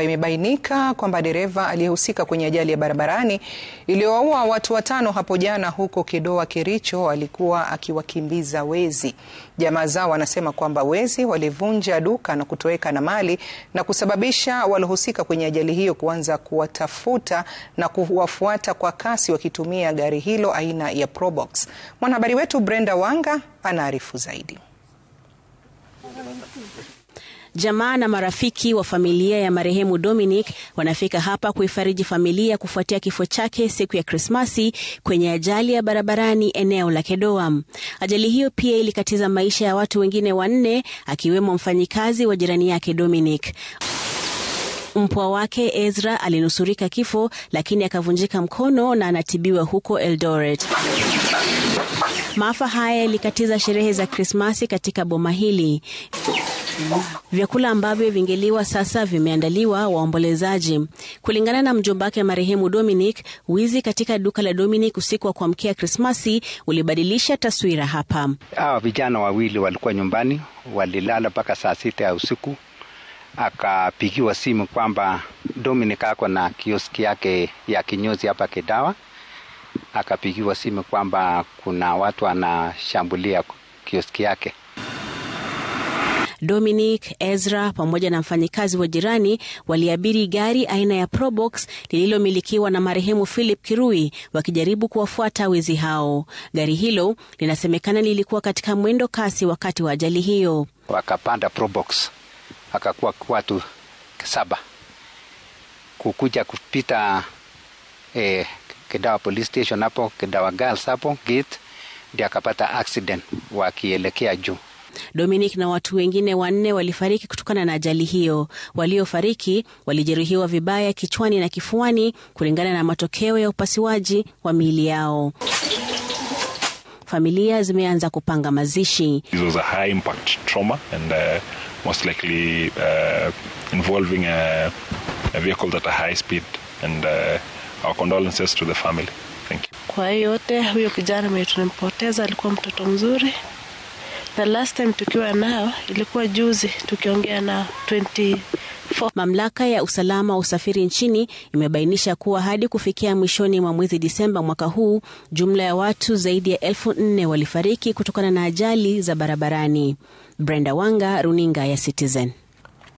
Imebainika kwamba dereva aliyehusika kwenye ajali ya barabarani iliyowaua watu watano hapo jana huko Kedoa Kericho alikuwa akiwakimbiza wezi. Jamaa zao wanasema kwamba wezi walivunja duka na kutoweka na mali na kusababisha waliohusika kwenye ajali hiyo kuanza kuwatafuta na kuwafuata kwa kasi wakitumia gari hilo aina ya Probox. Mwanahabari wetu Brenda Wanga anaarifu zaidi. Jamaa na marafiki wa familia ya marehemu Dominic wanafika hapa kuifariji familia kufuatia kifo chake siku ya Krismasi kwenye ajali ya barabarani eneo la Kedoam. Ajali hiyo pia ilikatiza maisha ya watu wengine wanne akiwemo mfanyikazi wa jirani yake Dominic. Mpwa wake Ezra alinusurika kifo lakini akavunjika mkono na anatibiwa huko Eldoret. Maafa haya yalikatiza sherehe za Krismasi katika boma hili. Vyakula ambavyo vingeliwa sasa vimeandaliwa waombolezaji. Kulingana na mjombake marehemu Dominic, wizi katika duka la Dominic usiku wa kuamkia Krismasi ulibadilisha taswira hapa. Hawa vijana wawili walikuwa nyumbani, walilala mpaka saa sita ya usiku akapigiwa simu kwamba Dominic ako na kioski yake ya kinyozi hapa Kidawa, akapigiwa simu kwamba kuna watu wanashambulia kioski yake. Dominic, Ezra pamoja na mfanyikazi wa jirani waliabiri gari aina ya Probox lililomilikiwa na marehemu Philip Kirui wakijaribu kuwafuata wezi hao. Gari hilo linasemekana lilikuwa katika mwendo kasi wakati wa ajali hiyo. Wakapanda Probox akakuwa watu saba kukuja kupita eh, Kedawa police station hapo Kedawa girls hapo gate ndio akapata accident wakielekea juu. Dominic na watu wengine wanne walifariki kutokana na ajali hiyo. Waliofariki walijeruhiwa vibaya kichwani na kifuani kulingana na matokeo ya upasuaji wa miili yao familia zimeanza kupanga mazishi. This was a high impact trauma and, uh, most likely, uh, involving a, a vehicle at a high speed and, uh, our condolences to the family. Thank you. Kwa yote huyo kijana mwenye tunampoteza alikuwa mtoto mzuri na last time tukiwa nao ilikuwa juzi tukiongea na Mamlaka ya usalama wa usafiri nchini imebainisha kuwa hadi kufikia mwishoni mwa mwezi Disemba mwaka huu, jumla ya watu zaidi ya elfu nne walifariki kutokana na ajali za barabarani. Brenda Wanga, runinga ya Citizen.